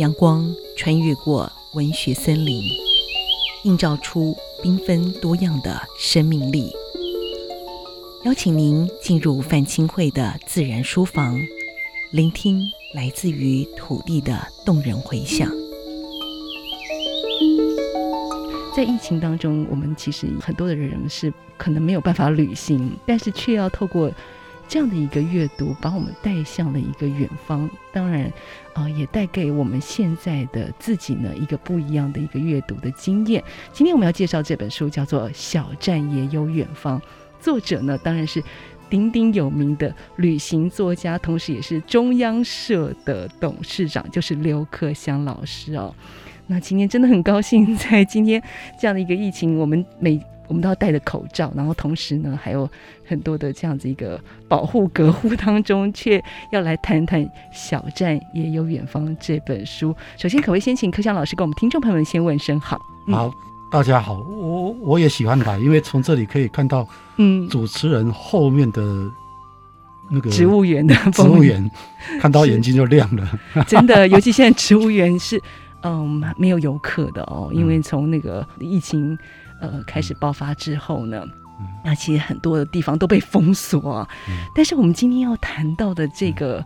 陽光穿越過文學森林，映照出繽紛多樣的生命力。邀請您進入范欽慧的自然書房，聆聽來自於土地的動人回響。在疫情當中，我們其實很多的人是可能沒有辦法旅行，但是卻要透過。這樣的一個閱讀，把我們帶向了一個遠方，當然，啊、呃，也帶給我們現在的自己呢一個不一樣的一個閱讀的經驗。今天我們要介紹這本書叫做《小站也有遠方》，作者呢當然是鼎鼎有名的旅行作家，同時也是中央社的董事長，就是劉克襄老師哦。那今天真的很高興，在今天這樣的一個疫情，我們每我們都要戴着口罩，然後同時呢，還有很多的這樣子一個保護隔戶當中，卻要來談談《小站也有遠方》這本書。首先，可會先請克襄老師跟我們聽眾朋友們先問聲好。嗯、好，大家好，我我也喜歡來，因為從這裡可以看到，嗯，主持人後面的那個、嗯、植物園的植物園，看到眼睛就亮了，真的，尤其現在植物園是 嗯，沒有遊客的哦，因為從那個疫情。呃，開始爆發之後呢，那、嗯啊、其實很多的地方都被封鎖、啊。嗯、但是我們今天要談到的這個，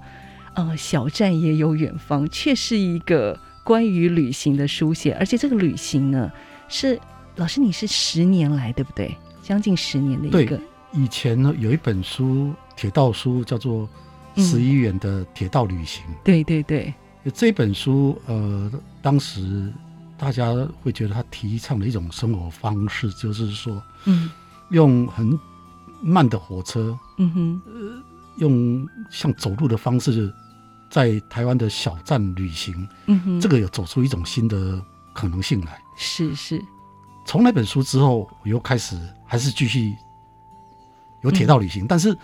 嗯、呃，小站也有遠方，卻是一個關於旅行的書寫。而且這個旅行呢，是老師，你是十年來對不對？將近十年的一個。對，以前呢有一本書，鐵道書叫做《十一元的鐵道旅行》。嗯、對對對，這本書呃，當時。大家會覺得他提倡的一種生活方式，就是說，用很慢的火車，嗯哼，呃，用像走路的方式，在台灣的小站旅行，嗯哼，這個有走出一種新的可能性來。是是，從那本書之後，我又開始還是繼續有鐵道旅行，但是，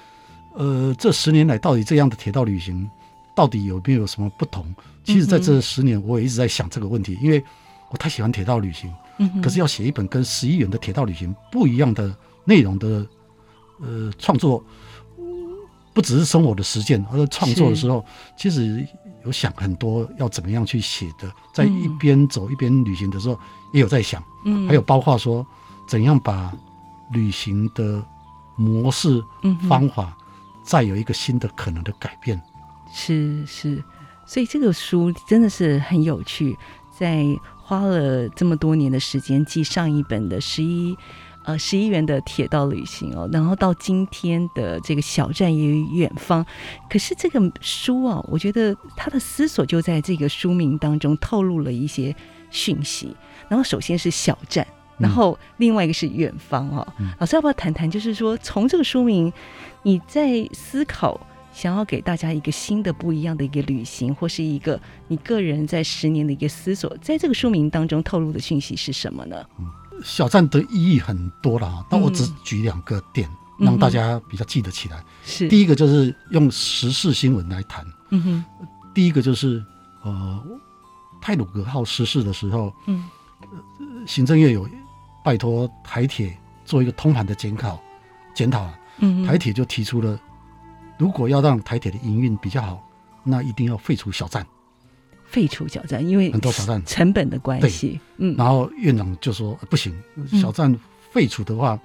呃，這十年來到底這樣的鐵道旅行到底有沒有什麼不同？其實在這十年，我也一直在想這個問題，因為。我太喜歡鐵道旅行，嗯、哼可是要寫一本跟十一元的鐵道旅行不一樣的內容的，呃，創作，不只是生活的實踐，而且創作的時候，是其實有想很多要怎麼樣去寫的，在一邊走一邊旅行的時候，也有在想，嗯、還有包括說怎樣把旅行的模式、方法、嗯、哼再有一個新的可能的改變。是是，所以這個書真的是很有趣，在。花了這麼多年的時間，記上一本的十一，呃，十一元的鐵道旅行哦，然後到今天的這個小站也有遠方，可是這個書啊，我覺得他的思索就在這個書名當中透露了一些訊息。然後首先是小站，然後另外一個是遠方哦，啊。嗯，老師要不要談談？就是說從這個書名，你在思考，想要給大家一個新的、不一樣的一個旅行，或是一個你個人在十年的一個思索，在這個書名當中透露的訊息是什麼呢？嗯，小站的意義很多了，但我只舉兩個點，嗯、讓大家比較記得起來。是，嗯哼，第一個就是用時事新聞來談。嗯哼是，第一個就是呃太魯閣號失事的時候，嗯，行政院有拜托台鐵做一個通盤的檢討，嗯，哼檢討了，嗯，台鐵就提出了。如果要讓台鐵的營運比較好，那一定要廢除小站。廢除小站，因為很多小站成本的關係。對，嗯。然後院長就說：“欸、不行，小站廢除的話，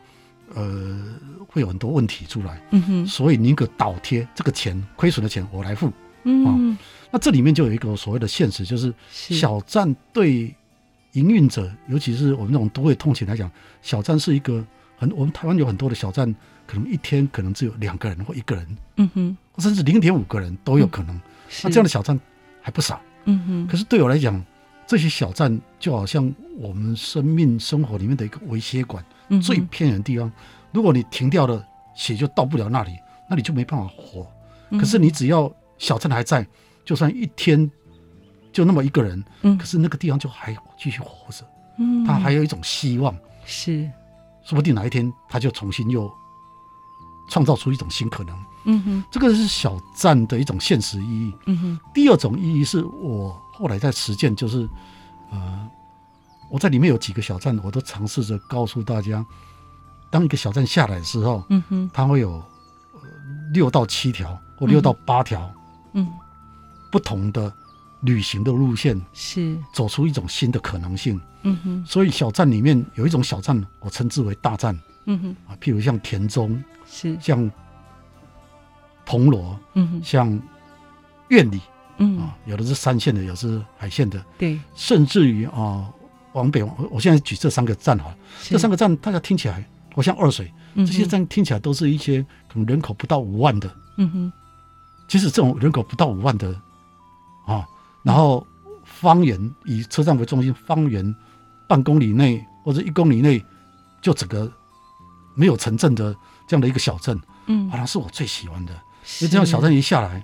嗯、呃，會有很多問題出來。嗯哼。所以寧可倒貼這個錢，虧損的錢我來付。嗯、哦，那這裡面就有一個所謂的現實，就是小站對營運者，尤其是我們這種都會通勤來講，小站是一個很我們台灣有很多的小站。”可能一天可能只有兩個人或一個人，嗯哼，甚至零點五個人都有可能。嗯、那這樣的小站還不少，嗯哼。可是對我來講，這些小站就好像我們生命生活裡面的一個微血管，嗯、哼最偏遠的地方，如果你停掉了，血就到不了那裡，那你就沒辦法活。可是你只要小站還在，就算一天就那麼一個人，嗯哼，可是那個地方就還繼續活着，嗯哼，他還有一種希望，是，說不定哪一天他就重新又。創造出一種新可能，嗯哼，這個是小站的一種現實意義。嗯哼，第二種意義是我後來在實踐，就是呃我在裡面有幾個小站，我都嘗試着告訴大家，當一個小站下來的時候，嗯哼，它會有六到七條或六到八條，嗯哼，不同的旅行的路線是走出一種新的可能性。嗯哼，所以小站裡面有一種小站，我稱之為大站。嗯哼啊，譬如像田中是像銅鑼，嗯哼，像苑裡，嗯哼啊，有的是山線的，有的是海線的，對，甚至於啊，往北，我我現在舉這三個站哈，是這三個站大家聽起來，好像二水、嗯、哼這些站聽起來都是一些可能人口不到五萬的，嗯哼，其實這種人口不到五萬的啊，然後方圓、嗯、以車站為中心，方圓半公里內或者一公里內就整個。沒有城鎮的這樣的一個小鎮，嗯，好像、啊、是我最喜歡的。是因為這樣小鎮一下來，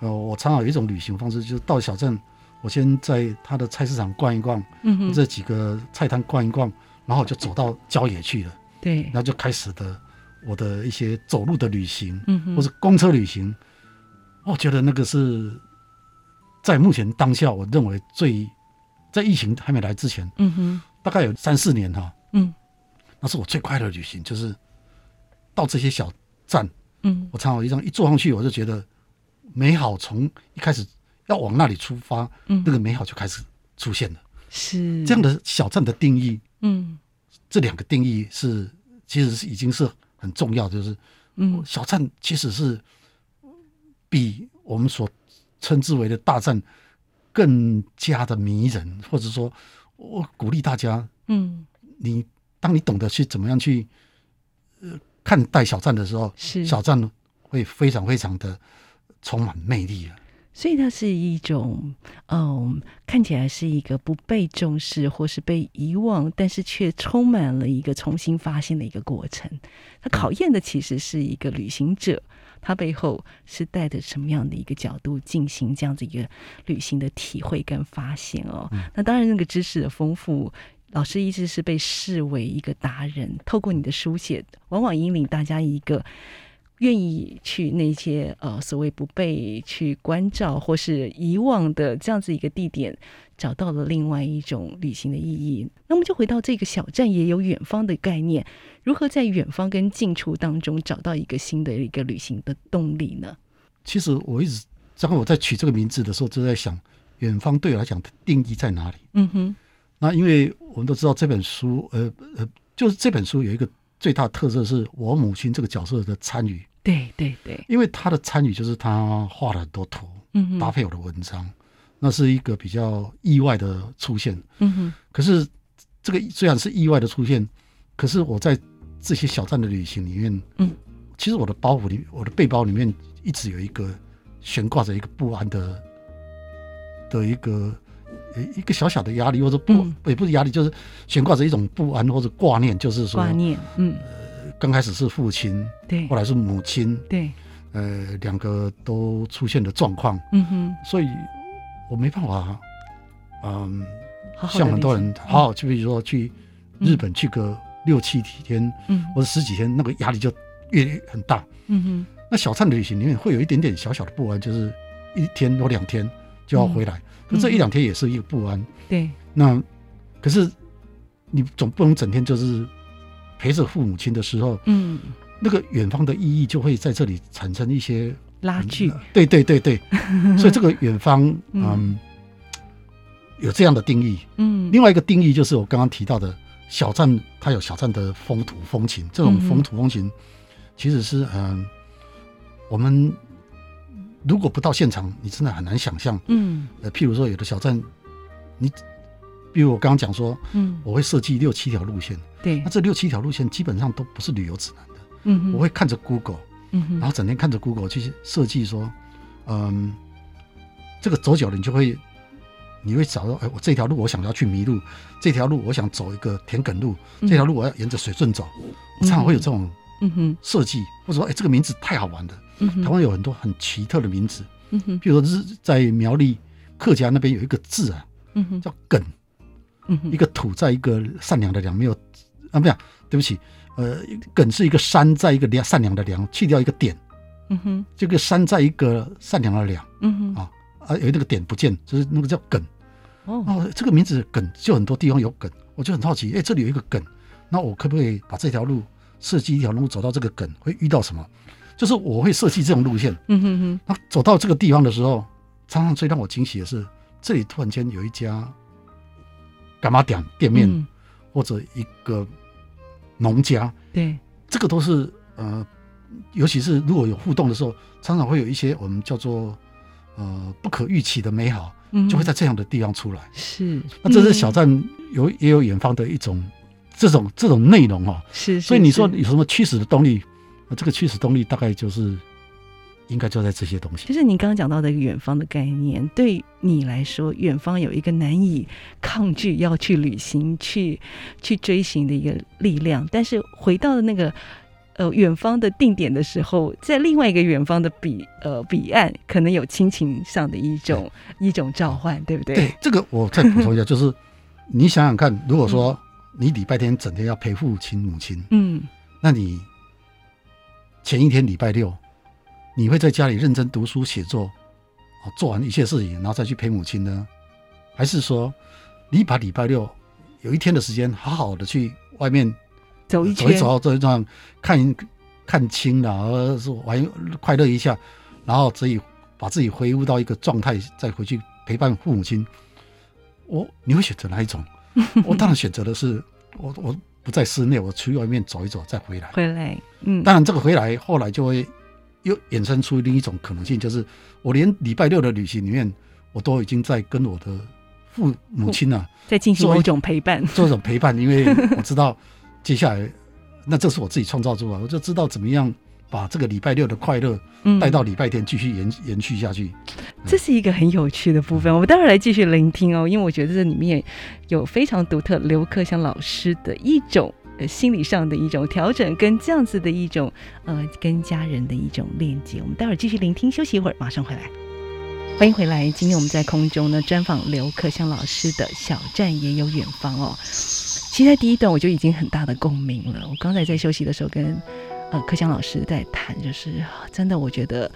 呃，我常常有一種旅行方式，就是到小鎮，我先在他的菜市場逛一逛，嗯哼，這幾個菜攤逛一逛，然後就走到郊野去了，對，然後就開始的我的一些走路的旅行，嗯哼，或是公車旅行，我覺得那個是在目前當下，我認為最在疫情還沒來之前，嗯哼，大概有三四年哈、啊，嗯。那是我最快樂的旅行，就是到這些小站，嗯，我穿好衣裳，一坐上去，我就覺得美好。從一開始要往那裡出發，嗯，那個美好就開始出現了。是這樣的小站的定義，嗯，這兩個定義是其實是已經是很重要，就是嗯，小站其實是比我們所稱之為的大站更加的迷人，或者說我鼓勵大家，嗯，你。當你懂得去怎麼樣去，呃，看待小站的時候，是小站會非常非常的充滿魅力啊。所以它是一種，嗯，看起來是一個不被重視或是被遺忘，但是卻充滿了一個重新發現的一個過程。它考驗的其實是一個旅行者，他背後是帶着什麼樣的一個角度進行這樣子一個旅行的體會跟發現哦。嗯、那當然，那個知識的豐富。老師一直是被視為一個達人，透過你的書寫，往往引領大家一個願意去那些呃所謂不被去關照或是遺忘的這樣子一個地點，找到了另外一種旅行的意義。那麼就回到這個小站也有遠方的概念，如何在遠方跟近處當中找到一個新的一個旅行的動力呢？其實我一直，然後我在取這個名字的時候，就在想遠方對我來講的定義在哪裡？嗯哼。那因為我們都知道這本書，呃呃，就是這本書有一個最大的特色是，我母親這個角色的參與。對對對。因為她的參與就是她畫了很多圖，搭配我的文章，嗯哼。那是一個比較意外的出現。嗯哼。可是這個雖然是意外的出現，可是我在這些小站的旅行裡面，嗯，其實我的包袱裡，我的背包裡面一直有一個懸掛着一個不安的的一個。一個小小的壓力，或者不也不是壓力，就是懸掛着一種不安或者掛念，就是說掛念，嗯，剛開始是父親，對，後來是母親，對，呃，兩個都出現的狀況，嗯哼，所以我沒辦法，嗯，像很多人，哦，就比如說去日本去個六七幾天，嗯，或者十幾天，那個壓力就越很大，嗯哼，那小站的旅行裡面會有一點點小小的不安，就是一天或兩天就要回來。可這一兩天也是一個不安，嗯、對。那可是你總不能整天就是陪着父母親的時候，嗯，那個遠方的意義就會在這裡產生一些拉鋸鋁、嗯，對對對對。 所以這個遠方，嗯，嗯有這樣的定義，嗯。另外一個定義就是我剛剛提到的小站，它有小站的風土風情，這種風土風情、嗯、哼其實是嗯，我們。如果不到現場，你真的很難想象。嗯，呃，譬如說有的小站，你，比如我剛剛講說，嗯，我會設計六七條路線。對，那這六七條路線基本上都不是旅遊指南的。嗯哼我會看着 Google，嗯哼然後整天看着 Google 去設計，說，嗯，哼嗯，這個走久了你就會，你會找到，哎、欸，我這條路我想要去迷路，這條路我想走一個田埂路，嗯、哼這條路我要沿着水順走，我常常會有這種。嗯哼，設計或者說，哎、欸，這個名字太好玩了。嗯哼，台灣有很多很奇特的名字。嗯哼，比如說是在苗栗客家那邊有一個字啊，嗯哼，叫“梗”。嗯哼，一個土在一個善良的良，沒有啊，沒有，對不起，呃，梗是一個山在一個良善良的良，去掉一個點。嗯哼，這個山在一個善良的良。嗯哼，啊啊，有那個點不見，就是那個叫梗。哦，哦，這個名字梗就很多地方有梗，我就很好奇，哎、欸，這裡有一個梗，那我可不可以把這條路，設計一條路走到這個梗會遇到什麼？就是我會設計這種路線。嗯哼哼。那走到這個地方的時候，常常最讓我驚喜的是，這裡突然間有一家柑仔店店面，嗯、或者一個農家。對，這個都是呃，尤其是如果有互動的時候，常常會有一些我們叫做呃不可預期的美好，嗯、哼就會在這樣的地方出來。是。那這是小站有、嗯、也有遠方的一種。這種這種內容哦、啊，是，是，是，所以你說有什麼驅使的動力？這個驅使動力大概就是應該就在這些東西。就是你剛剛講到的一個遠方的概念，對你來說，遠方有一個難以抗拒要去旅行，去去追尋的一個力量。但是回到的那個呃遠方的定點的時候，在另外一個遠方的彼呃彼岸，可能有親情上的一種對一種召喚，對不對？對，這個我再補充一下， 就是你想想看，如果說。嗯你禮拜天整天要陪父親母親，嗯，那你前一天禮拜六，你會在家裡認真讀書寫作，做完一切事情，然後再去陪母親呢？還是說，你把禮拜六有一天的時間，好好的去外面走一走，走一走，看一看清了，而是玩快樂一下，然後自己把自己恢復到一個狀態，再回去陪伴父母親？我你會選擇哪一種？ 我當然選擇的是，我我不在室內，我出去外面走一走，再回來。回來，嗯，當然這個回來後來就會又衍生出另一種可能性，就是我連禮拜六的旅行裡面，我都已經在跟我的父母親啊在進行一種陪伴做，做一種陪伴，因為我知道接下來 那這是我自己創造出來，我就知道怎麼樣。把這個禮拜六的快樂帶到禮拜天繼續延延續下去，嗯，這是一個很有趣的部分。我們待會兒來繼續聆聽哦，因為我覺得這裡面有非常獨特劉克襄老師的一種、呃、心理上的一種調整，跟這樣子的一種呃跟家人的一種鏈接。我們待會兒繼續聆聽，休息一會兒，馬上回來。歡迎回來，今天我們在空中呢專訪劉克襄老師的小站也有遠方哦。其實在第一段我就已經很大的共鳴了，我剛才在休息的時候跟。呃，克襄老師在談，就是真的，我覺得，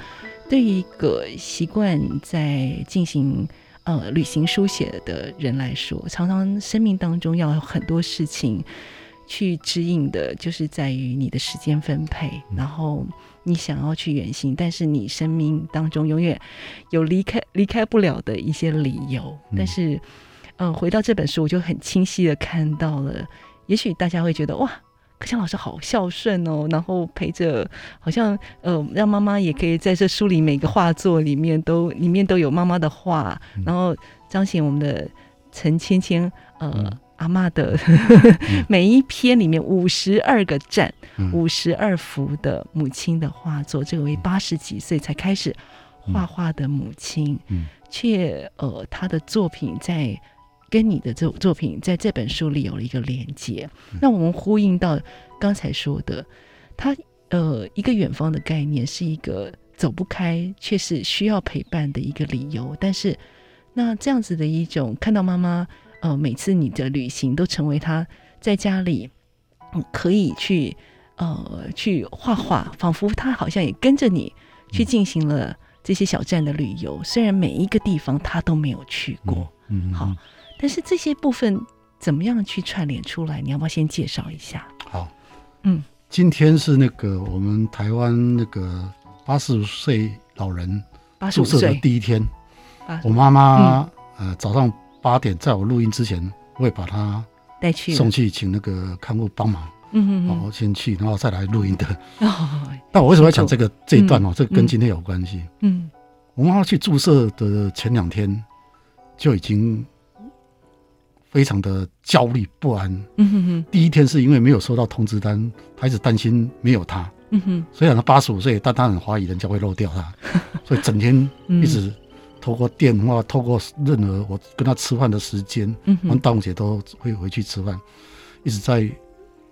對於一個習慣在進行呃旅行書寫的人來說，常常生命當中要有很多事情去指引的，就是在於你的時間分配。嗯、然後你想要去遠行，但是你生命當中永遠有離開離開不了的一些理由。嗯、但是，嗯、呃，回到這本書，我就很清晰的看到了，也許大家會覺得哇。克襄老師好孝順哦，然後陪着，好像呃，讓媽媽也可以在這書裡每個畫作裡面都裡面都有媽媽的畫，嗯、然後彰顯我們的陳芊芊呃、嗯、阿媽嬤的 每一篇裡面五十二個站，五十二幅的母親的畫作，這位八十幾歲才開始畫畫的母親，嗯，嗯，卻呃她的作品在。跟你的這作品，在這本書裡有了一個連接。嗯、那我們呼應到剛才說的，他呃，一個遠方的概念是一個走不開，卻是需要陪伴的一個理由。但是，那這樣子的一種看到媽媽，呃，每次你的旅行都成為他在家裡、嗯、可以去呃去畫畫，仿佛他好像也跟着你去進行了這些小站的旅遊。嗯、雖然每一個地方他都沒有去過，嗯，嗯好。但是這些部分怎麼樣去串聯出來？你要不要先介紹一下？好，嗯，今天是那個我們台灣那個八十五歲老人注射的第一天。我媽媽呃早上八點在我錄音之前會把她帶去送去請那個看護幫忙，嗯嗯然後先去，然後再來錄音的。哦，但我為什麼要講這個這一段哦，這個跟今天有關係。嗯，我媽媽去注射的前兩天就已經。非常的焦慮不安。嗯哼哼，第一天是因為沒有收到通知單，他一直擔心沒有他。嗯哼，雖然他八十五歲，但他很懷疑人家會漏掉他， 所以整天一直透過電話，嗯、透過任何我跟他吃飯的時間，嗯、哼我們端午節都會回去吃飯，一直在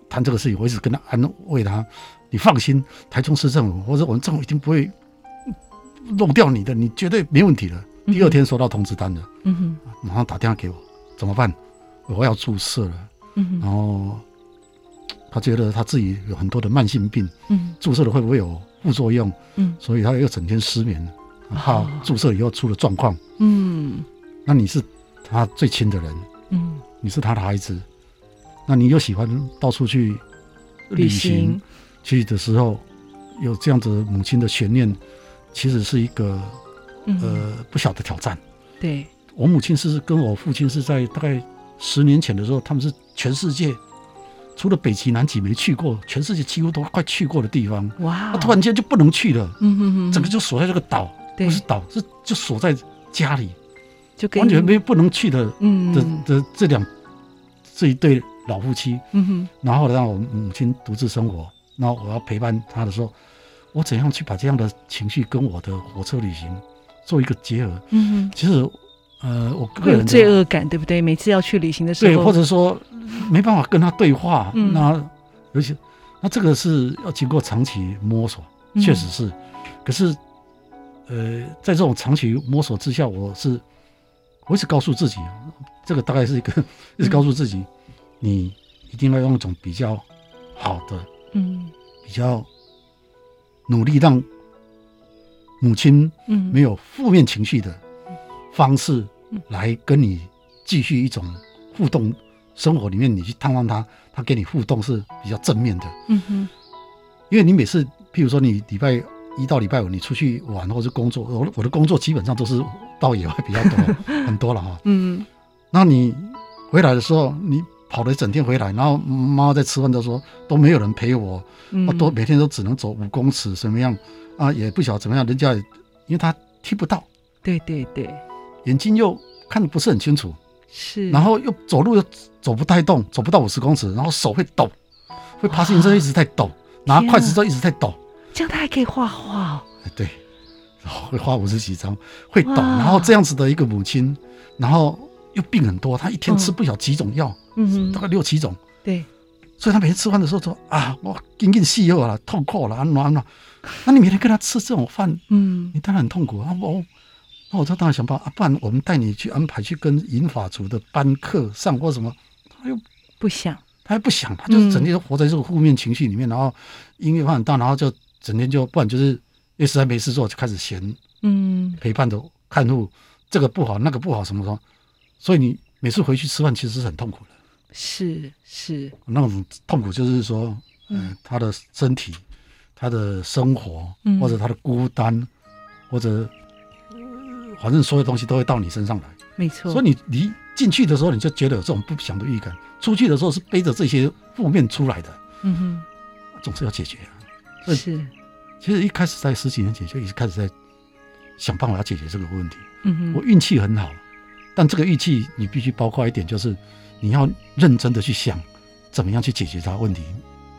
談這個事情。我一直跟他安慰他：“你放心，台中市政府或者我們政府一定不會漏掉你的，你絕對沒問題的。”嗯、哼第二天收到通知單的，嗯哼，馬上打電話給我，怎麼辦？我要注射了，嗯、哼然後他覺得他自己有很多的慢性病，嗯、哼注射了會不會有副作用？嗯、所以他又整天失眠了。他、嗯、注射以後出了狀況，嗯，那你是他最親的人，嗯，你是他的孩子，那你又喜歡到處去旅行，去的時候行有這樣子母親的懸念，其實是一個、嗯、哼呃不小的挑戰。對。我母親是跟我父親是在大概，十年前的時候，他們是全世界除了北極、南極沒去過，全世界幾乎都快去過的地方。哇 Wow！啊、突然間就不能去了，嗯哼哼整個就鎖在這個島，對不是島，是就鎖在家裡，就完全沒有不能去的。嗯的的這兩這一對老夫妻，嗯哼，然後讓我母親獨自生活，那我要陪伴她的時候，我怎樣去把這樣的情緒跟我的火車旅行做一個結合？嗯哼，其實。呃，我個人有罪惡感，對不對？每次要去旅行的時候，對，或者說沒辦法跟他對話，嗯、那尤其那這個是要經過長期摸索，確實是。嗯、可是，呃，在這種長期摸索之下，我是我一直告訴自己，這個大概是一個，一直告訴自己，嗯、你一定要用一種比較好的，嗯，比較努力讓母親嗯沒有負面情緒的。嗯方式來跟你繼續一種互動，生活裡面你去探望他，他給你互動是比較正面的。嗯哼，因為你每次，譬如說你禮拜一到禮拜五你出去玩或者是工作，我我的工作基本上都是到野外比較多 很多了哈。嗯嗯，那你回來的時候，你跑了一整天回來，然後媽媽在吃飯的時候都沒有人陪我，嗯啊、都每天都只能走五公尺什麼樣啊？也不曉得怎麼樣，人家因為他聽不到。對對對。眼睛又看得不是很清楚，是，然後又走路又走不太動，走不到五十公尺，然後手會抖，會爬行車一直在抖，拿哇筷子都一直在抖。啊、在抖這樣他還可以畫畫哦？對，會畫五十幾張，會抖。哇然後這樣子的一個母親，然後又病很多，他一天吃不了幾種藥，嗯，大概六七種。嗯、對，所以他每天吃飯的時候說啊，我隱隱細有了，痛苦了，安暖安暖。那你每天跟他吃這種飯，嗯，你當然很痛苦啊、哦那我、哦、他當然想辦法啊，不然我們帶你去安排去跟銀髮族的班課上或什麼，他又不想，他又不想，他就整天活在這種負面情緒裡面，嗯、然後音樂放很大，然後就整天就不然就是一時還沒事做就開始嫌，嗯，陪伴着看護這個不好那個不好什麼什麼，所以你每次回去吃飯其實是很痛苦的，是是那種痛苦就是說，嗯，嗯他的身體，他的生活，嗯、或者他的孤單，或者。反正所有東西都會到你身上來，沒錯。所以你你進去的時候，你就覺得有這種不祥的預感；出去的時候是背着這些負面出來的。嗯哼，總是要解決啊。是，其實一開始在十幾年前就已經開始在想辦法要解決這個問題。嗯哼，我運氣很好，但這個運氣你必須包括一點，就是你要認真的去想怎麼樣去解決它問題，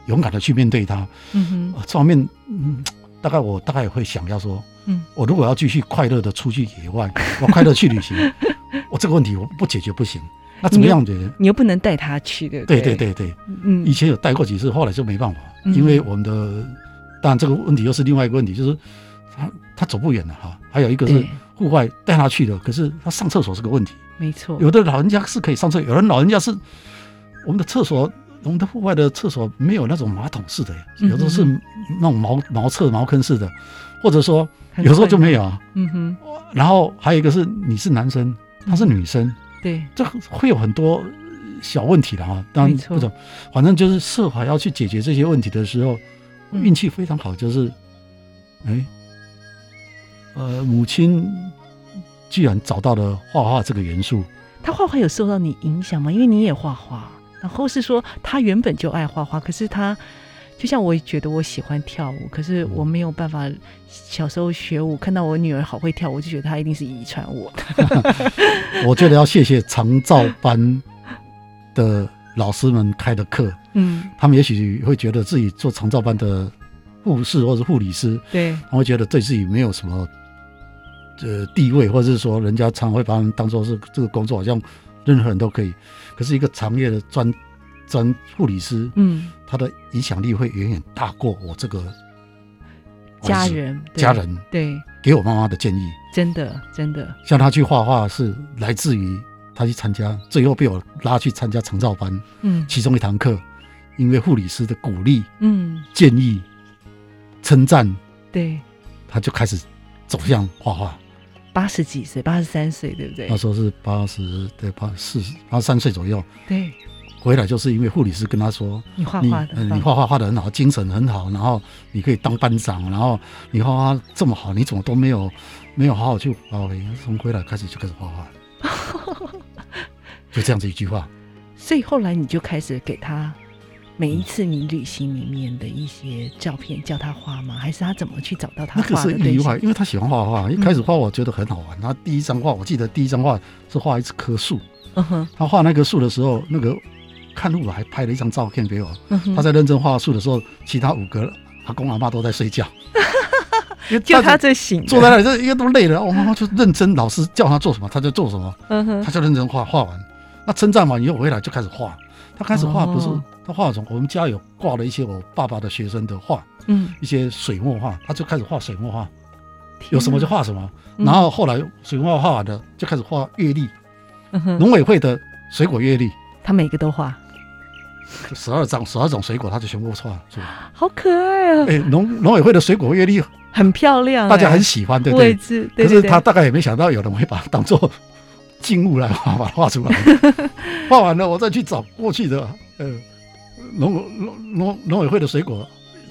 勇敢的去面對它。嗯哼，這方面，嗯哼。大概我大概也會想要說，嗯，我如果要繼續快樂的出去野外，以我快樂去旅行， 我這個問題我不解決不行。那怎麼樣子？你又不能帶他去的。對對對對，嗯，以前有帶過幾次，後來就沒辦法，因為我們的，嗯、當然這個問題又是另外一個問題，就是他他走不遠了哈。還有一個是戶外帶他去的，對可是他上廁所是個問題。沒錯錯，有的老人家是可以上廁所，有的老人家是我們的廁所。有的戶外的廁所沒有那種馬桶式的，有的是那種茅茅廁、茅坑式的，或者說有時候就沒有啊。嗯哼。然後還有一個是你是男生，她是女生，嗯、對，這會有很多小問題的哈。這種，錯反正就是設法要去解決這些問題的時候，運氣非常好，就是哎、欸，呃，母親居然找到了畫畫這個元素。她畫畫有受到你影響嗎？因為你也畫畫。然後是說，他原本就愛畫畫，可是他就像我覺得我喜歡跳舞，可是我沒有辦法。小時候學舞，看到我女兒好會跳舞，我就覺得她一定是遺傳我。 我覺得要謝謝長照班的老師們開的課。嗯。他們也許會覺得自己做長照班的護士或是護理師，對，會覺得對自己沒有什麼呃地位，或者是說人家常會把他們當做是這個工作，好像任何人都可以。是一個長業的專，專護理師，嗯，他的影響力會遠遠大過我這個家人家人，對，給我媽媽的建議，真的真的，像他去畫畫是來自於他去參加，最後被我拉去參加長照班，嗯，其中一堂課，因為護理師的鼓勵，嗯，建議，稱讚，對，他就開始走向畫畫。八十幾歲，八十三歲，對不對？那時候是八十，對，八四，八十三歲左右。對，回來就是因為護理師跟他說：“你畫畫的，的、呃，你畫畫畫的很好，精神很好，然後你可以當班長，然後你畫畫這麼好，你怎麼都沒有沒有好好去畫、哦？從回來開始就開始畫畫， 就這樣子一句話。 所以後來你就開始給他。”每一次你旅行裡面的一些照片，叫他畫嗎？還是他怎麼去找到他畫的？那個是意外，因為他喜歡畫畫。一開始畫，我覺得很好玩。嗯、他第一張畫，我記得第一張畫是畫一棵樹。嗯哼，他畫那棵樹的時候，那個看路我還拍了一張照片給我。嗯哼，他在認真畫樹的時候，其他五個阿公阿嬤都在睡覺。哈哈哈！就他這醒了，坐在那裡，就應該都累了。我媽媽就認真，老師叫他做什麼，他就做什麼。嗯哼，他就認真畫畫完。那稱讚完以後回來就開始畫。他開始畫不是、哦。他畫種，我們家有掛了一些我爸爸的學生的畫，一些水墨畫，他就開始畫水墨畫，有什麼就畫什麼。然後後來水墨畫畫完了，就開始畫月曆，農委會的水果月曆，他每個都畫，十二張十二種水果，他就全部畫出來，好可愛哦！哎，農農委會的水果月曆很漂亮，大家很喜歡，對不對？可是他大概也沒想到有人會把它當做靜物來畫，把它畫出來，畫完了我再去找過去的，農委農農農委會的水果，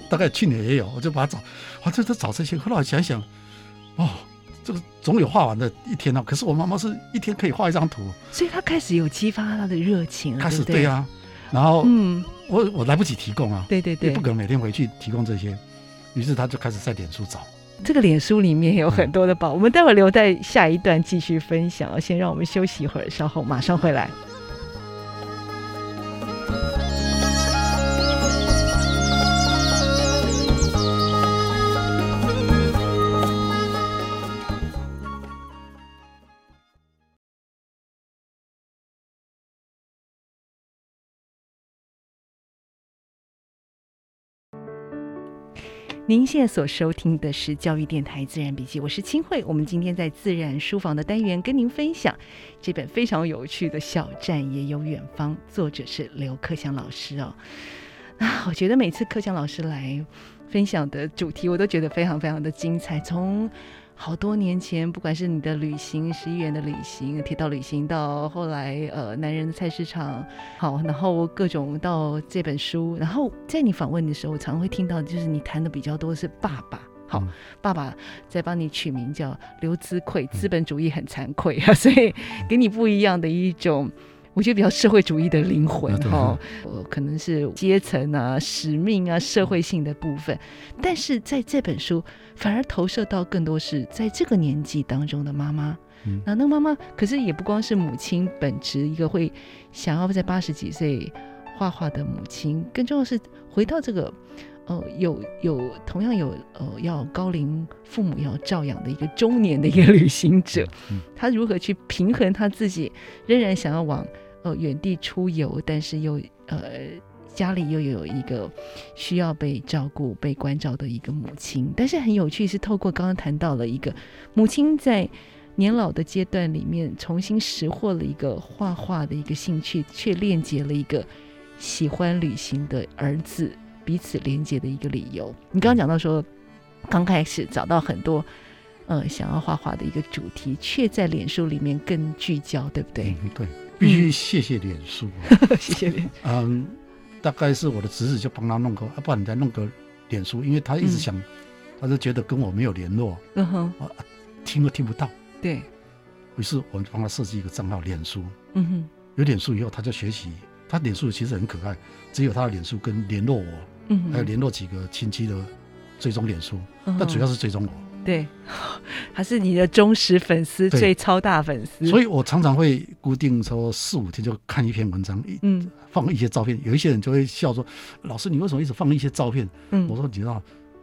大概去年也有，我就把它找。哇，這這找這些，後來想想，哦，這個總有畫完的一天哦啊。可是我媽媽是一天可以畫一張圖，所以她開始有激發她的熱情，開始，對呀啊，然後嗯，我我來不及提供啊，對對對，對，也不可能每天回去提供這些，於是她就開始在臉書找。這個臉書裡面有很多的寶，嗯，我們待會兒留在下一段繼續分享。先讓我們休息一會兒，稍後馬上回來。您現在所收聽的是教育電台《自然筆記》，我是清慧。我們今天在自然書房的單元跟您分享這本非常有趣的《小站也有遠方》，作者是劉克襄老師哦。啊，我覺得每次克襄老師來分享的主題，我都覺得非常非常的精彩。從好多年前，不管是你的旅行，十一元的旅行，鐵道旅行，到後來呃男人的菜市場，好，然後各種到這本書，然後在你訪問的時候，我常常會聽到，就是你談的比較多是爸爸，好，嗯、爸爸在幫你取名叫劉資愧，資本主義很慚愧啊，所以給你不一樣的一種。我覺得比較社會主義的靈魂哈、啊哦，可能是階層啊、使命啊、社會性的部分。但是在這本書，反而投射到更多是在這個年紀當中的媽媽。嗯、那那媽媽，可是也不光是母親本職，一個會想要在八十幾歲畫畫的母親，更重要是回到這個，哦、呃，有有同樣有呃要有高齡父母要照養的一個中年的一個旅行者，嗯、他如何去平衡他自己仍然想要往。呃，遠地出遊，但是又呃，家裡又有一個需要被照顧、被關照的一個母親。但是很有趣，是透過剛剛談到了一個母親在年老的階段裡面，重新拾獲了一個畫畫的一個興趣，卻鏈接了一個喜歡旅行的兒子，彼此連接的一個理由。你剛剛講到說，剛開始找到很多呃想要畫畫的一個主題，卻在臉書裡面更聚焦，對不對？嗯，對。必須謝謝臉書、啊，謝謝臉。嗯，嗯，大概是我的侄子就幫他弄個，啊，不然你再弄個臉書，因為他一直想，嗯、他就覺得跟我沒有聯絡，嗯哼、啊，聽都聽不到。對，於是我們幫他設計一個賬號臉書。嗯哼，有臉書以後，他就學習，他臉書其實很可愛，只有他的臉書跟聯絡我，嗯、哼還有聯絡幾個親戚的追蹤臉書，嗯、哼但主要是追蹤我。對。 他是你的忠實粉絲，對最超大粉絲。所以，我常常會固定說四五天就看一篇文章，嗯，放一些照片。有一些人就會笑說：“老師，你為什麼一直放一些照片？”嗯，我說你知道，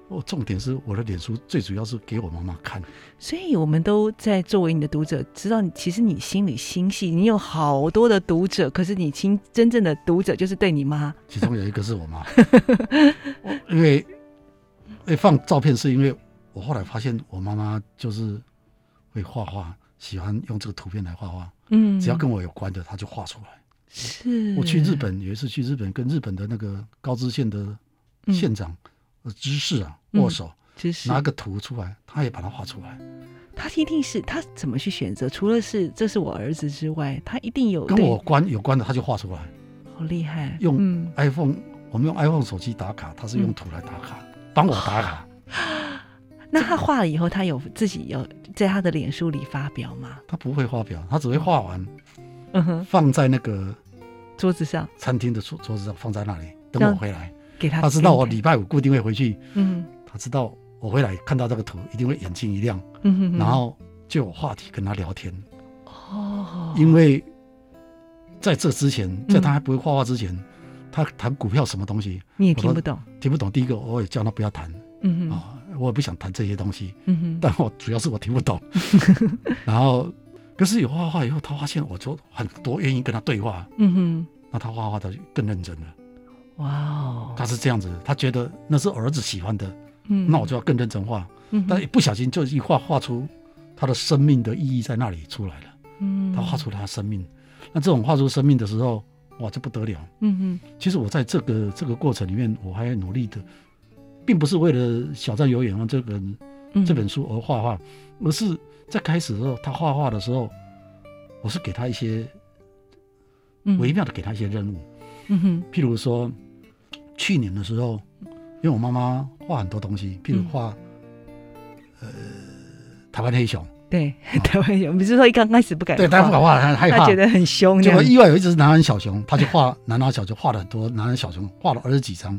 我重點是我的臉書最主要是給我媽媽看。所以，我們都在作為你的讀者，知道你其實你心裡心細，你有好多的讀者，可是你親真正的讀者就是對你媽。其中有一個是我媽， 因為因為放照片是因為。我後來發現，我媽媽就是會畫畫，喜歡用這個圖片來畫畫。嗯，只要跟我有關的，她就畫出來。是，我去日本有一次去日本，跟日本的那個高知縣的縣長的知事啊握手，嗯、拿個圖出來，她也把它畫出來。她一定是她怎麼去選擇？除了是這是我兒子之外，她一定有跟我關有關的，她就畫出來。好厲害！用 iPhone，嗯、我們用 iPhone 手機打卡，她是用圖來打卡，嗯、幫我打卡。 那他畫了以後，他有自己有在他的臉書裡發表嗎？他不會發表，他只會畫完，放在那個桌子上，餐廳的桌桌子上，放在那裡，等我回來給他。他知道我禮拜五固定會回去，嗯，他知道我回來看到這個圖一定會眼睛一亮，然後就有話題跟他聊天。哦，因為在這之前，在他還不會畫畫之前，他談股票什麼東西你也聽不懂，聽不懂。第一個，我也叫他不要談，嗯我也不想談這些東西，嗯、哼但我主要是我聽不懂。 然後，可是有畫畫以後，他發現我就很多願意跟他對話。嗯、哼那他畫畫他就更認真了。哇哦，他是這樣子，他覺得那是兒子喜歡的。嗯、那我就要更認真畫。嗯、哼但一不小心就一畫畫出他的生命的意義在那裡出來了。嗯、他畫出他的生命，那這種畫出生命的時候，哇，這不得了。嗯、哼其實我在這個這個過程裡面，我還要努力的。並不是為了《小站也有遠方、啊》這本這本書而畫畫，嗯、而是在開始的時候，他畫畫的時候，我是給他一些微妙的給他一些任務，嗯，嗯哼，譬如說去年的時候，因為我媽媽畫很多東西，譬如畫、嗯、呃台灣黑熊，對、啊、台灣黑熊，是不是說一剛開始不敢，對，他不敢畫，他害怕，覺得很兇，就後意外有一隻是南安小熊，他就畫南安小熊，畫了很多南安小熊，畫了二十幾張。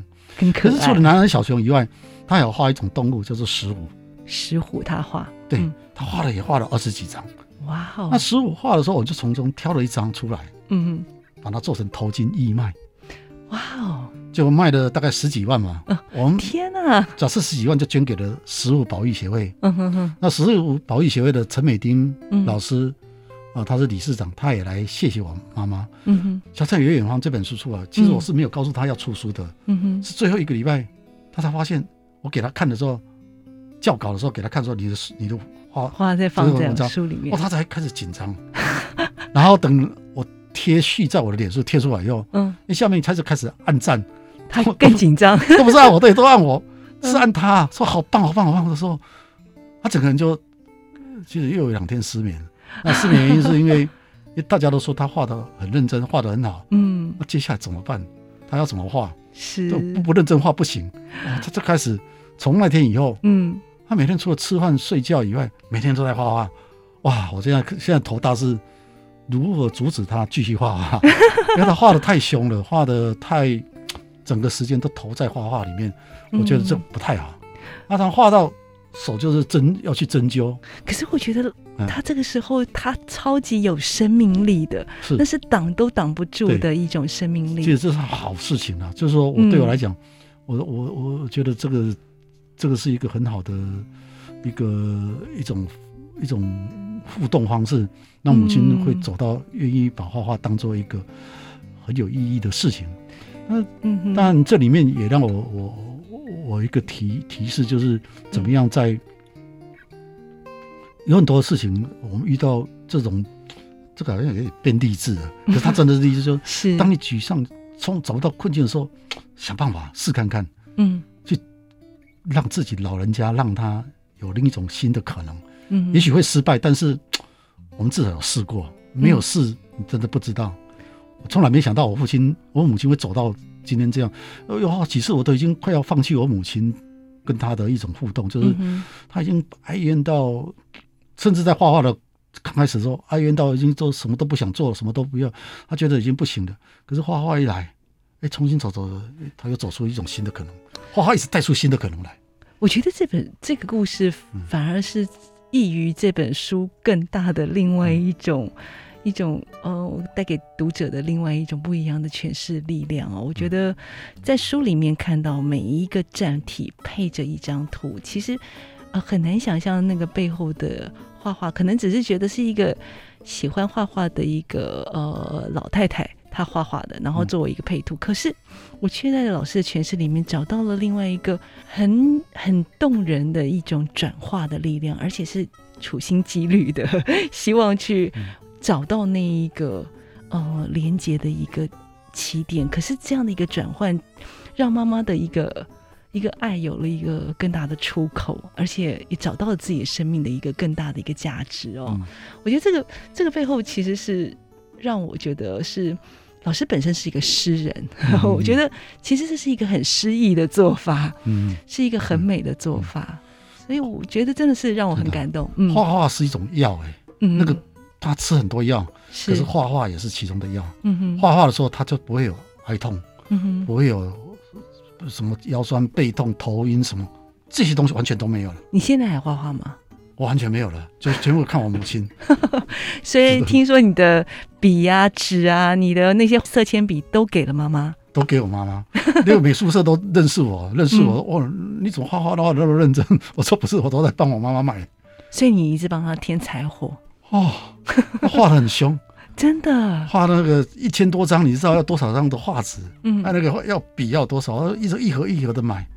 可是除了男人小熊以外，他有畫一種動物叫做石虎。石虎他畫，對、嗯、他畫了也畫了二十幾張。哇哦、嗯！那石虎畫的時候，我就從中挑了一張出來，嗯，把它做成頭巾義賣。哇哦！就賣了大概十幾萬嘛。呃、我們天哪！假設十幾萬就捐給了石虎保育協會。嗯哼哼。那石虎保育協會的陳美丁老師。嗯嗯啊、呃，他是理事長，他也來謝謝我媽媽。嗯哼，小站也有遠方這本書出來，其實我是沒有告訴他要出書的。嗯哼，是最後一個禮拜，他才發現我給他看的時候，校稿的時候給他看的時候你的，你的你的畫畫在放在書裡面，哦，他才開始緊張。 然後等我貼序在我的臉書貼出來以後，嗯，那下面才就開始按讚，他更緊張，都不, 都不是按我，對，都按我，嗯、是按他，說好棒好棒好棒，好棒的時候，他整個人就其實又有兩天失眠。 那失眠原因是因為，大家都說他畫的很認真，畫的很好。嗯，那接下來怎麼辦？他要怎麼畫？是不不認真畫不行。啊，他就開始從那天以後，嗯，他每天除了吃飯睡覺以外，每天都在畫畫。哇，我現在現在頭大，是如何阻止他繼續畫畫？因為他畫的太凶了，畫的太，整個時間都投在畫畫裡面，我覺得這不太好。那他畫到。手就是針要去針灸，可是我覺得他這個時候他超級有生命力的，啊、那是擋都擋不住的一種生命力。其實這是好事情啊，就是說我對我來講，嗯、我我我覺得這個這個是一個很好的一個一種一種互動方式，讓母親會走到願意把畫畫當做一個很有意義的事情。那、嗯、哼但這裡面也讓我我。我一個提提示就是怎麼樣在、嗯、有很多事情，我們遇到這種這個好像有點變勵志了，嗯、可是他真的是勵志，說是當你沮喪、從找不到困境的時候，想辦法試看看，嗯，去讓自己老人家讓他有另一種新的可能。嗯，也許會失敗，但是我們至少有試過，沒有試你真的不知道。嗯、我從來沒想到我父親、我母親會走到今天這樣，有、呃、好幾次我都已經快要放棄我母親跟他的一種互動，就是他已經哀怨到，甚至在畫畫的剛開始的時候，哀怨到已經做什麼都不想做了，什麼都不要，他覺得已經不行了。可是畫畫一來，哎、欸，重新走走、欸，他又走出一種新的可能。畫畫也是帶出新的可能來。我覺得這本這個故事反而是異於這本書更大的另外一種。嗯一種呃，帶給讀者的另外一種不一樣的詮釋力量哦。我覺得在書裡面看到每一個站體配着一張圖，其實啊、呃，很難想象那個背後的畫畫，可能只是覺得是一個喜歡畫畫的一個呃老太太她畫畫的，然後作為一個配圖。嗯、可是我卻在老師的詮釋裡面找到了另外一個很很動人的一種轉化的力量，而且是處心積慮的呵呵希望去。找到那一個呃連接的一個起點，可是這樣的一個轉換，讓媽媽的一個一個愛有了一個更大的出口，而且也找到了自己生命的一個更大的一個價值哦。嗯、我覺得這個這個背後其實是讓我覺得是老師本身是一個詩人，嗯、我覺得其實這是一個很詩意的做法，嗯，是一個很美的做法，嗯、所以我覺得真的是讓我很感動。嗯、這個，畫畫是一種藥哎、欸，嗯、那個。他吃很多藥，是。可是畫畫也是其中的藥。嗯哼，畫畫的時候他就不會有哀痛，嗯哼，不會有什麼腰酸背痛、頭暈什麼，這些東西完全都沒有了。你現在還畫畫嗎？我完全沒有了，就全部看我母親。 的 所以聽說你的筆啊、紙啊、你的那些色鉛筆都給了媽媽？ 都給我媽媽。那個美術社都認識我， 認識我哦。你怎麼畫畫的話那麼認真？ 我說不是，我都在幫我媽媽買。所以你一直幫他添柴火。哦，畫的很兇， 真的畫那個一千多張，你知道要多少張的畫紙？嗯，那那個要筆要多少？一盒一盒一盒的買，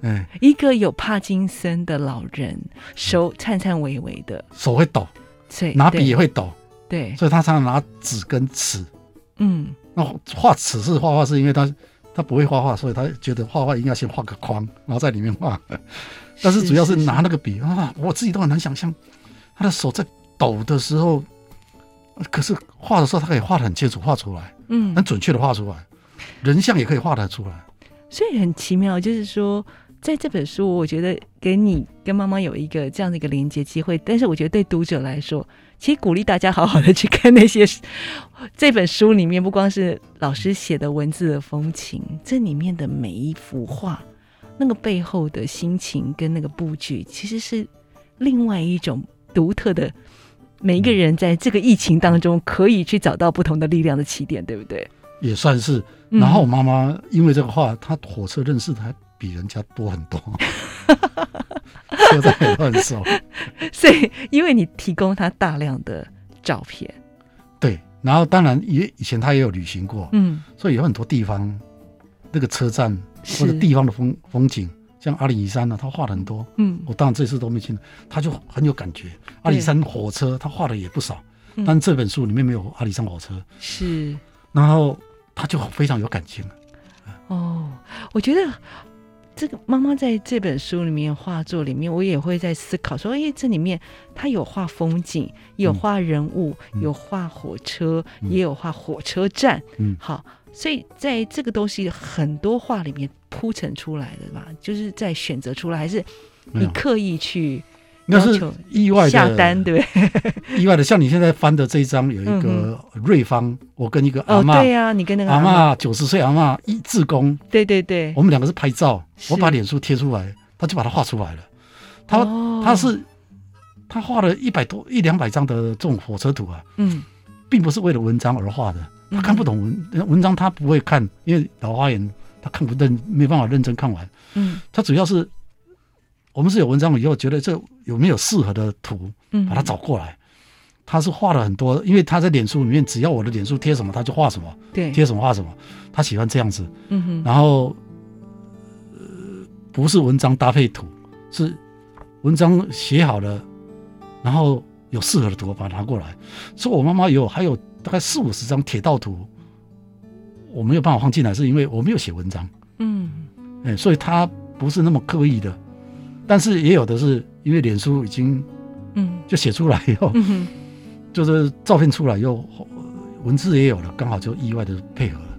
嗯、欸，一個有帕金森的老人，手顫顫巍巍的、嗯，手會抖，所以，拿筆也會抖，對，所以他常常拿紙跟尺，嗯對，那畫尺是畫畫是因為他他不會畫畫，所以他覺得畫畫應該先畫個框，然後在裡面畫， 但是主要是拿那個筆、啊、我自己都很難想象他的手在。走的時候，可是畫的時候，他可以畫的很清楚，畫出來，嗯，很準確的畫出來，人像也可以畫的出來，所以很奇妙。就是說，在這本書，我覺得給你跟媽媽有一個這樣的一個連接機會。但是，我覺得對讀者來說，其實鼓勵大家好好的去看那些 這本書裡面，不光是老師寫的文字的風情，嗯、這裡面的每一幅畫，那個背後的心情跟那個布局，其實是另外一種獨特的。每一個人在這個疫情當中可以去找到不同的力量的起點，對不對？也算是。然後我媽媽因為這個話，嗯、她火車認識的還比人家多很多，多的很多。 所以，因為你提供她大量的照片。對，然後當然也以前她也有旅行過，嗯，所以有很多地方那個車站或者地方的風風景。像阿里山呢、啊，他畫了很多，嗯，我當然這次都沒去，他就很有感覺。阿里山火車，他畫的也不少，嗯、但這本書裡面沒有阿里山火車，是，然後他就非常有感情了。哦，我覺得這個媽媽在這本書裡面畫作裡面，我也會在思考說，哎，這裡面他有畫風景，有畫人物，嗯、有畫火車，嗯、也有畫火車站，嗯，好。所以，在這個東西很多畫裡面鋪陳出來的嘛，就是在選擇出來，還是你刻意去要求是意外的下單，對，對，意外的。像你現在翻的這一張，有一個瑞芳，嗯、哼我跟一個阿嬤、哦，對呀、啊，你跟那個阿嬤九十歲阿嬤一志工，對對對，我們兩個是拍照，是我把臉書貼出來，他就把它畫出來了。他、哦、他是他畫了一百多一兩百張的這種火車圖啊，嗯。並不是為了文章而畫的，他看不懂文、嗯、哼文章，他不會看，因為老花眼，他看不認，沒辦法認真看完。嗯哼，他主要是我們是有文章，以後覺得這有沒有適合的圖，把他找過來。嗯、哼他是畫了很多，因為他在臉書裡面，只要我的臉書貼什麼，他就畫什麼，對，貼什麼畫什麼，他喜歡這樣子，嗯哼。然後，呃，不是文章搭配圖，是文章寫好了，然後。有適合的圖，把它拿過來。所以我媽媽有還有大概四五十張鐵道圖，我沒有辦法放進來，是因為我沒有寫文章。嗯、欸，所以它不是那麼刻意的，但是也有的是因為臉書已經，嗯，就寫出來以後，嗯、就是照片出來以後，文字也有了，剛好就意外的配合了。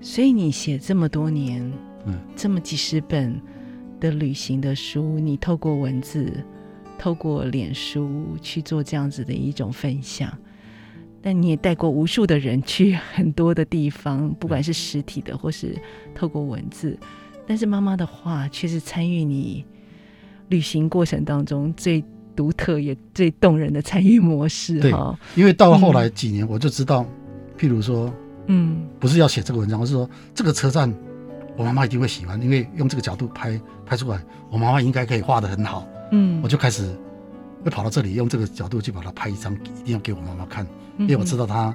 所以你寫這麼多年，嗯，這麼幾十本的旅行的書，你透過文字。透過臉書去做這樣子的一種分享，但你也帶過無數的人去很多的地方，不管是實體的或是透過文字，嗯、但是媽媽的話卻是參與你旅行過程當中最獨特也最動人的參與模式。對，因為到了後來幾年，我就知道，嗯、譬如說，嗯，不是要寫這個文章，嗯、我是說這個車站我媽媽一定會喜歡，因為用這個角度拍，拍出來，我媽媽應該可以畫得很好，嗯，我就開始會跑到這裡，用這個角度去把它拍一張，一定要給我媽媽看，因為我知道她、嗯、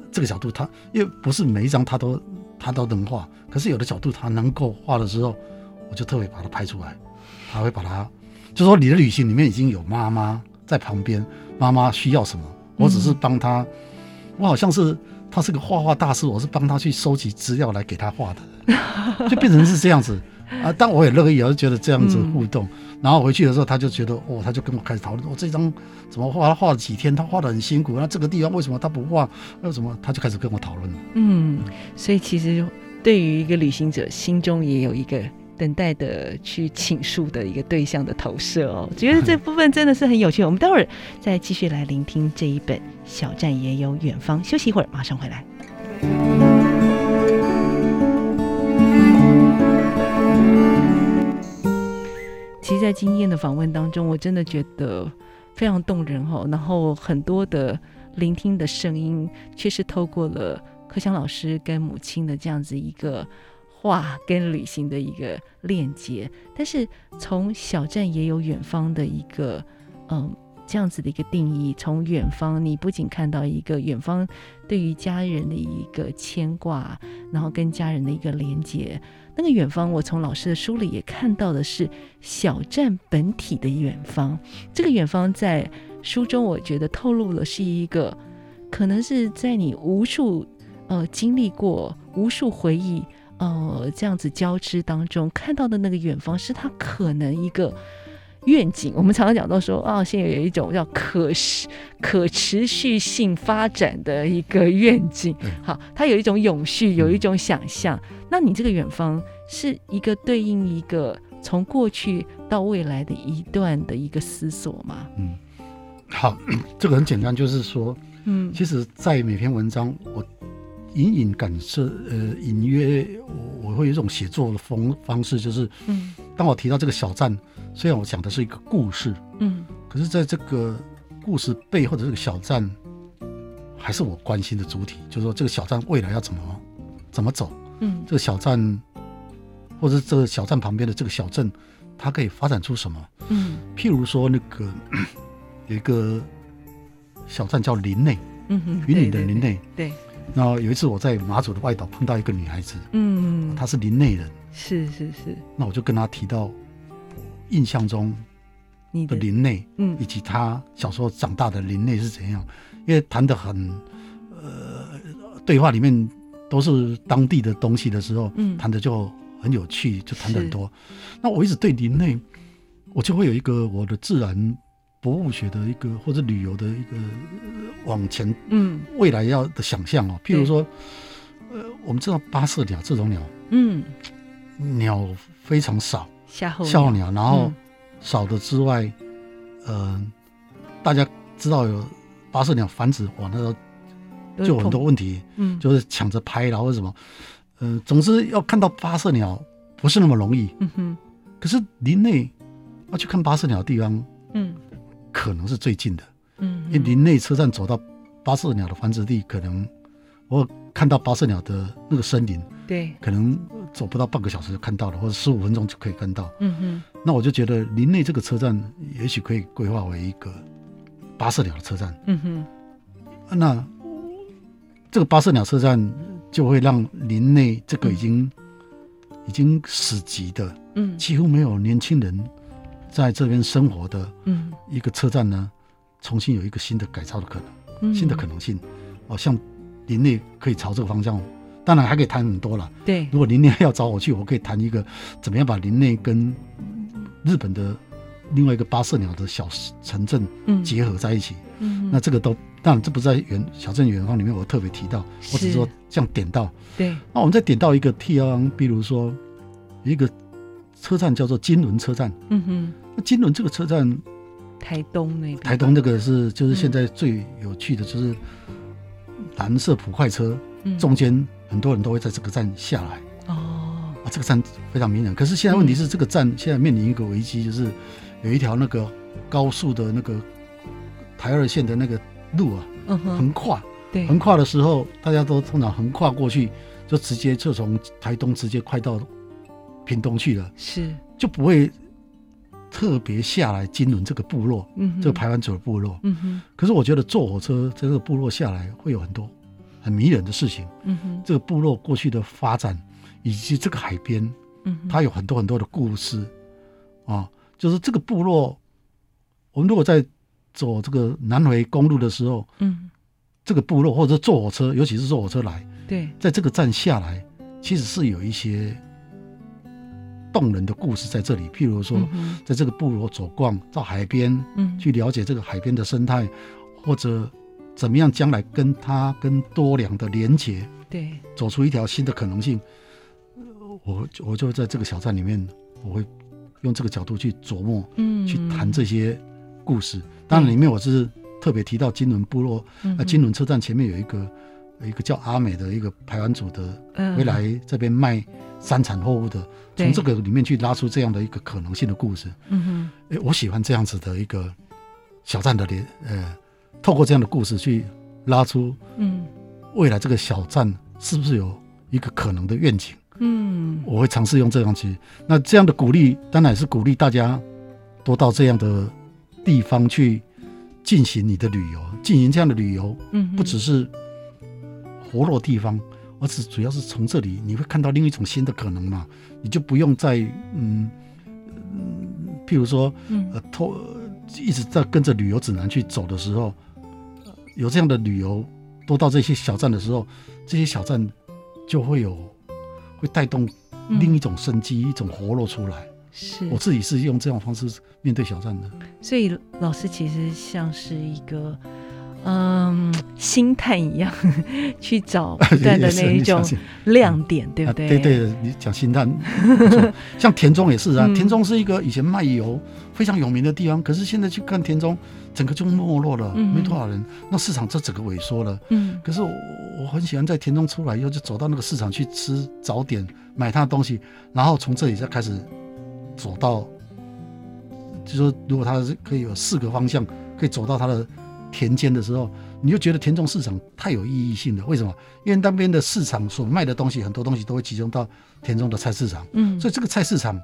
哼這個角度，她因為不是每一張她都她都能畫，可是有的角度她能夠畫的時候，我就特別把它拍出來，她會把它，就說你的旅行裡面已經有媽媽在旁邊，媽媽需要什麼，我只是幫她，嗯、哼我好像是。他是個畫畫大師，我是幫他去收集資料來給他畫的，就變成是這樣子啊、呃！但我也樂意，我就覺得這樣子互動。嗯、然後回去的時候，他就覺得哦，他就跟我開始討論我這張怎麼畫？他畫了幾天？他畫的很辛苦。那這個地方為什麼他不畫？為什麼？他就開始跟我討論嗯，嗯，所以其實對於一個旅行者，心中也有一個等待的去傾訴的一個對象的投射哦，覺得這部分真的是很有趣。我們待會兒再繼續來聆聽這一本《小站也有遠方》。休息一會兒，馬上回來。其實，在今天的訪問當中，我真的覺得非常動人哦。然後，很多的聆聽的聲音，確實透過了克襄老師跟母親的這樣子一個。畫跟旅行的一個鏈接，但是從小站也有遠方的一個，嗯，這樣子的一個定義。從遠方，你不僅看到一個遠方對於家人的一個牽掛，然後跟家人的一個連接。那個遠方，我從老師的書裡也看到的是小站本體的遠方。這個遠方在書中，我覺得透露的是一個，可能是在你無數呃經歷過無數回憶。哦，這樣子交織當中看到的那個遠方，是他可能一個願景。嗯、我們常常講到說哦，現在有一種叫可持可持續性發展的一個願景，嗯、好，它有一種永續，嗯、有一種想象。那你這個遠方是一個對應一個從過去到未來的一段的一個思索嗎？嗯，好，這個很簡單，就是說，嗯，其實，在每篇文章我。隱隱感受，呃，隱約我，我我會有一種寫作的方方式，就是，嗯，當我提到這個小站，雖然我講的是一個故事，嗯，可是在這個故事背後的這個小站，還是我關心的主體，就是說這個小站未來要怎麼怎麼走，嗯，這個小站，或者這個小站旁邊的這個小鎮，它可以發展出什麼，嗯，譬如說那個有一個小站叫林內，嗯哼，雲林的林內，對。然後有一次我在馬祖的外島碰到一個女孩子，嗯，她是林內人，是是是。那我就跟她提到，我印象中的林內，嗯，以及她小時候長大的林內是怎樣，因為談的很，呃，對話裡面都是當地的東西的時候，嗯，談的就很有趣，就談得很多。是那我一直對林內，我就會有一個我的自然。博物學的一個或者旅遊的一個、呃、往前，嗯，未來要的想象哦、喔。嗯、譬如說，呃，我們知道八色鳥這種鳥，嗯，鳥非常少，夏候鳥，夏候鳥。然後少的之外，嗯、呃，大家知道有八色鳥繁殖，哇，那時候就有很多問題，嗯，就是搶着拍然後什麼，嗯、呃，總之要看到八色鳥不是那麼容易，嗯哼。可是林內要去看八色鳥的地方，嗯。可能是最近的，嗯哼，因為林內車站走到八色鳥的繁殖地，可能我看到八色鳥的那個森林，對，可能走不到半個小時就看到了，或者十五分鐘就可以看到，嗯哼。那我就覺得林內這個車站也許可以規劃為一個八色鳥的車站，嗯哼。那這個八色鳥車站就會讓林內這個已經、嗯、已經死寂的，嗯，幾乎沒有年輕人。在這邊生活的，嗯，一個車站呢，重新有一個新的改造的可能，嗯、新的可能性。哦，像林內可以朝這個方向，當然還可以談很多了。對，如果林內要找我去，我可以談一個怎麼樣把林內跟日本的另外一個八色鳥的小城鎮結合在一起。嗯、那這個都當然這不是在《原小鎮遠方》裡面，我特別提到，或者是說像點到。對，那我們再點到一個 T R N，比如說有一個車站叫做金輪車站。嗯哼。那金崙這個車站，台東那個台東那個是就是現在最有趣的就是藍色普快車，嗯、中間很多人都會在這個站下來哦、啊、這個站非常迷人。可是現在問題是，這個站現在面臨一個危機，嗯、就是有一條那個高速的那個台二線的那個路啊，橫、嗯、哼跨，對，橫跨的時候，大家都通常橫跨過去就直接就從台東直接快到屏東去了，是就不會。特別下來金崙這個部落，嗯、哼這個排灣族的部落。嗯、哼可是我覺得坐火車在這個部落下來會有很多很迷人的事情。嗯、哼這個部落過去的發展以及這個海邊，嗯、哼它有很多很多的故事、嗯、哼啊。就是這個部落，我們如果在走這個南回公路的時候，嗯、哼這個部落或者坐火車，尤其是坐火車來，對，在這個站下來，其實是有一些。動人的故事在這裡，譬如說，在這個部落走逛到海邊，去了解這個海邊的生態，嗯、或者怎麼樣，將來跟他跟多良的連接，對，走出一條新的可能性。我我就在這個小站裡面，我會用這個角度去琢磨，嗯，去談這些故事。當然，裡面我是特別提到金崙部落，嗯、金崙車站前面有一個一個叫阿美的一個排灣族的，回來這邊賣。三產貨物的，從這個裡面去拉出這樣的一個可能性的故事。嗯哼對，誒，我喜歡這樣子的一個小站的連，呃，透過這樣的故事去拉出，嗯，未來這個小站是不是有一個可能的願景？嗯，我會嘗試用這樣去。那這樣的鼓勵，當然也是鼓勵大家多到這樣的地方去進行你的旅遊，進行這樣的旅遊，不只是活絡地方。嗯而是主要是從這裡，你會看到另一種新的可能嘛。你就不用再嗯，嗯、譬如說、嗯、呃，拖一直在跟着旅遊指南去走的時候，有這樣的旅遊多到這些小站的時候，這些小站就會有會帶動另一種生機、嗯、一種活絡出來。是，我自己是用這種方式面對小站的。所以老師其實像是一個。嗯，星探一樣去找不斷的那一種亮點，對不對？對對，你講星探， 像田中也是啊。田中是一個以前賣油非常有名的地方，嗯、可是現在去看田中，整個就沒落了，嗯、沒多少人。那市場就整個萎縮了。嗯，可是我我很喜歡在田中出來以後，就走到那個市場去吃早點，買他的東西，然後從這裡再開始走到，就說如果他是可以有四個方向，可以走到他的田間的時候，你就覺得田中市場太有意義性了。為什麼？因為那邊的市場所賣的東西，很多東西都會集中到田中的菜市場。嗯，所以這個菜市場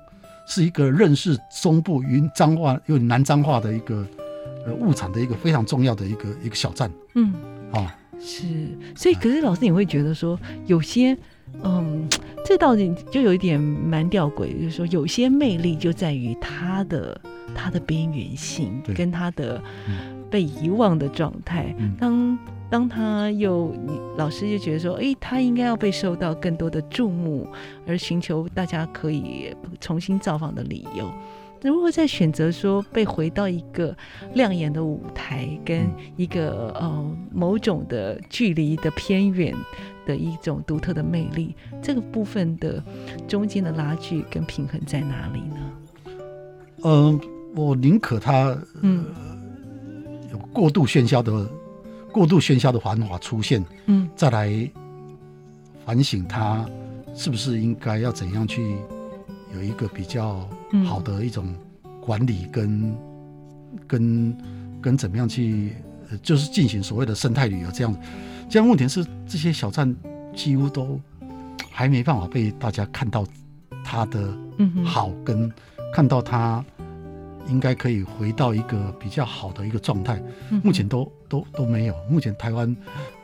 是一個認識中部雲彰化，又南彰化的一個、呃、物產的一個非常重要的一個一個小站。嗯，啊，是。所以，可是老師你會覺得說，有些嗯，嗯，這到底就有一點蠻弔詭，就是說，有些魅力就在於它的它的邊緣性跟它的。被遺忘的狀態，當當他又，老師就覺得說，誒，他應該要被受到更多的注目，而尋求大家可以重新造訪的理由。如果再選擇說被回到一個亮眼的舞台，跟一個、嗯、呃某種的距離的偏遠的一種獨特的魅力，這個部分的中間的拉鋸跟平衡在哪裡呢？嗯、呃，我寧可他，嗯。過度喧囂的過度喧囂的繁華出現，嗯，再來反省它是不是應該要怎樣去有一個比較好的一種管理跟、嗯、跟跟怎麼樣去，就是進行所謂的生態旅遊這樣子。這樣問題是這些小站幾乎都還沒辦法被大家看到它的嗯好跟看到它、嗯。應該可以回到一個比較好的一個狀態。嗯、哼 目前都都都沒有。目前台灣，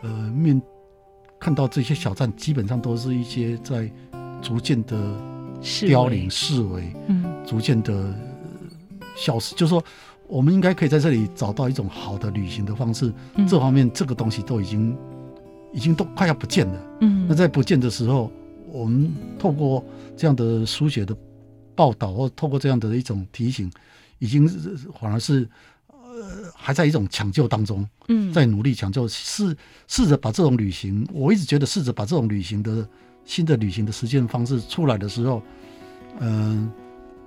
呃，面看到這些小站，基本上都是一些在逐漸的凋零、式微、嗯、逐漸的消失。就是說我們應該可以在這裡找到一種好的旅行的方式。嗯、哼 這方面這個東西都已經已經都快要不見了。嗯哼，那在不見的時候，我們透過這樣的書寫的報道，或透過這樣的一種提醒。已經反而是呃還在一種搶救當中，嗯、在努力搶救，試試着把這種旅行，我一直覺得試着把這種旅行的新的旅行的實踐方式出來的時候，嗯、呃，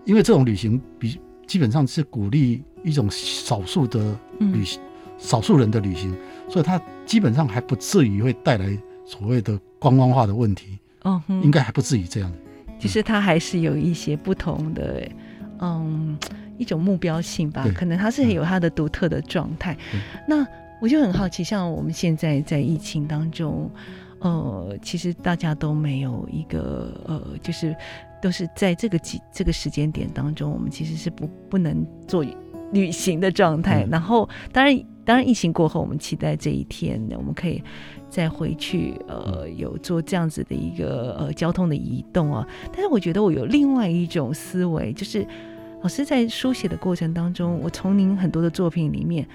因為這種旅行比基本上是鼓勵一種少數的旅行，嗯、少數人的旅行，所以它基本上還不至於會帶來所謂的觀光化的問題，嗯，應該還不至於這樣。嗯、其實它還是有一些不同的、欸，嗯。一種目標性吧，可能它是很有它的獨特的狀態。嗯，那我就很好奇，像我們現在在疫情當中，呃，其實大家都沒有一個呃，就是都是在這個幾這個時間點當中，我們其實是不不能做旅行的狀態。嗯，然後，當然，當然疫情過後，我們期待這一天呢，我們可以再回去，呃，有做這樣子的一個呃交通的移動啊。但是，我覺得我有另外一種思維，就是。老師在書寫的過程當中，我從您很多的作品裡面，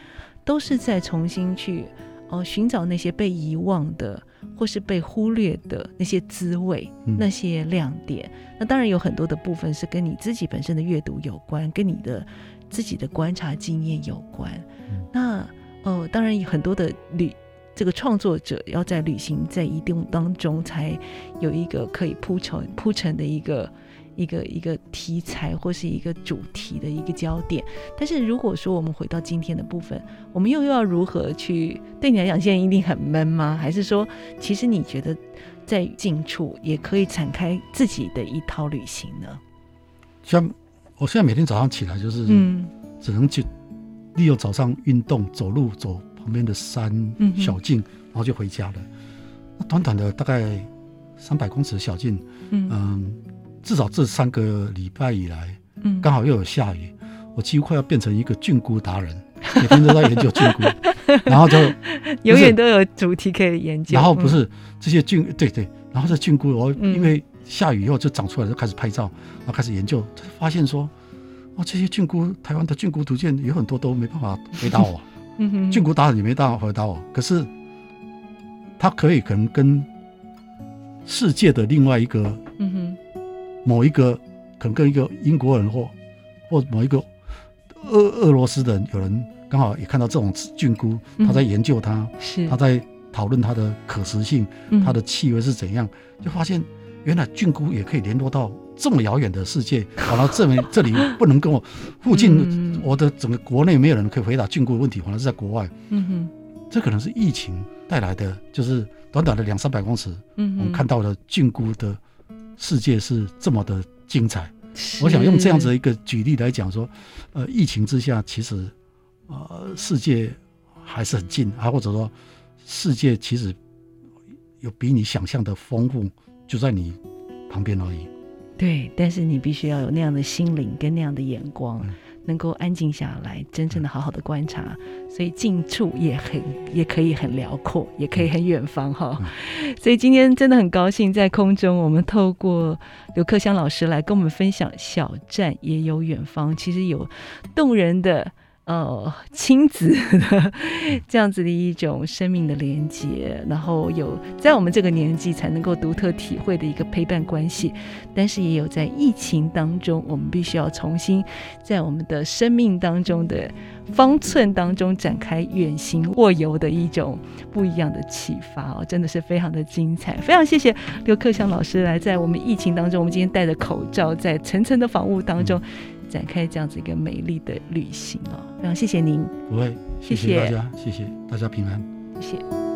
都是在重新去哦呃、尋找那些被遺忘的，或是被忽略的那些滋味、那些亮點。嗯、那當然有很多的部分是跟你自己本身的閱讀有關，跟你的自己的觀察經驗有關。嗯、那哦、呃，當然有很多的旅這個創作者要在旅行在移動當中，才有一個可以鋪成鋪成的一個。一個一個題材或是一個主題的一個焦點，但是如果說我們回到今天的部分，我們又又要如何去，對你來講，現在一定很悶嗎？還是說，其實你覺得在近處也可以展開自己的一套旅行呢？像我現在每天早上起來，就是只能就利用早上運動，走路走旁邊的山小徑，嗯、哼然後就回家了。那短短的大概三百公尺的小徑，嗯。嗯至少這三個禮拜以來，剛、嗯、好又有下雨，我幾乎快要變成一個菌菇達人，每天都在研究菌菇， 然後就永遠都有主題可以研究。然後不是、嗯、這些菌，對，對對，然後這菌菇，嗯、我因為下雨以後就長出來，就開始拍照，然後開始研究，就發現說，哦，這些菌菇，台灣的菌菇圖鑑有很多都沒辦法回答我。 嗯、哼菌菇達人也沒辦法回答我，可是它可以可能跟世界的另外一個，嗯哼。某一個可能跟一個英國人或，或某一個俄俄羅斯的人，有人剛好也看到這種菌菇，他在研究它，嗯、是他在討論它的可食性，它的氣味是怎樣，嗯、就發現原來菌菇也可以聯絡到這麼遙遠的世界。好了，證明 這裡不能跟我附近，我的整個國內沒有人可以回答菌菇的問題，反而是在國外。嗯哼，這可能是疫情帶來的，就是短短的兩三百公尺，嗯、哼我們看到了菌菇的。世界是這麼的精彩，是我想用這樣子一個舉例來講說，呃，疫情之下其實，呃，世界還是很近啊，或者說世界其實有比你想象的豐富，就在你旁邊而已。對，但是你必須要有那樣的心靈跟那樣的眼光。嗯能夠安靜下來，真正的好好的觀察，嗯、所以近處也很，也可以很遼闊，也可以很遠方哈。嗯、所以今天真的很高興，在空中我們透過劉克襄老師來跟我們分享，小站也有遠方，其實有動人的。呃、哦，親子這樣子的一種生命的連接，然後有在我們這個年紀才能夠獨特體會的一個陪伴關係，但是也有在疫情當中，我們必須要重新在我們的生命當中的方寸當中展開遠行臥遊的一種不一樣的啟發哦，真的是非常的精彩，非常謝謝劉克襄老師來在我們疫情當中，我們今天戴着口罩，在層層的防霧當中。展開這樣子一個美麗的旅行哦，非常謝謝您，不會，謝謝大家，謝謝大家平安，謝謝。